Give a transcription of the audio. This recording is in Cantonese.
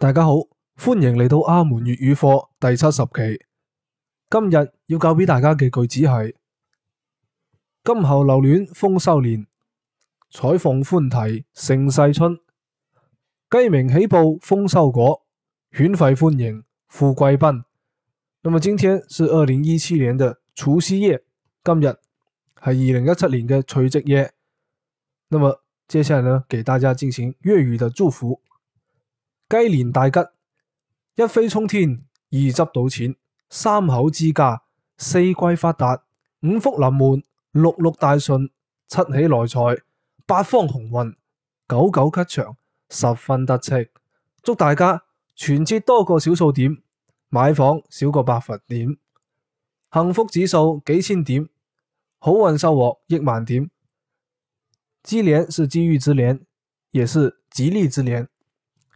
大家好，歡迎嚟到阿門粵語課第七十期。今日要教俾大家嘅句子係：金猴留戀豐收年，彩鳳歡啼盛世春，雞鳴喜報豐收果，犬吠歡迎富貴賓。那麼今天是二零一七年的除夕夜，今日係二零一七年嘅除夕夜。那麼接下來呢，給大家進行粵語的祝福。雞年大吉，一飛沖天，二執到錢，三口之家，四季發達，五福臨門，六六大順，七喜來財，八方鴻運，九九吉祥，十分得戚。祝大家存摺多個小數點，買房少個百分點，幸福指數幾千點，好運收穫億萬點。雞年是機遇之年，也是吉利之年。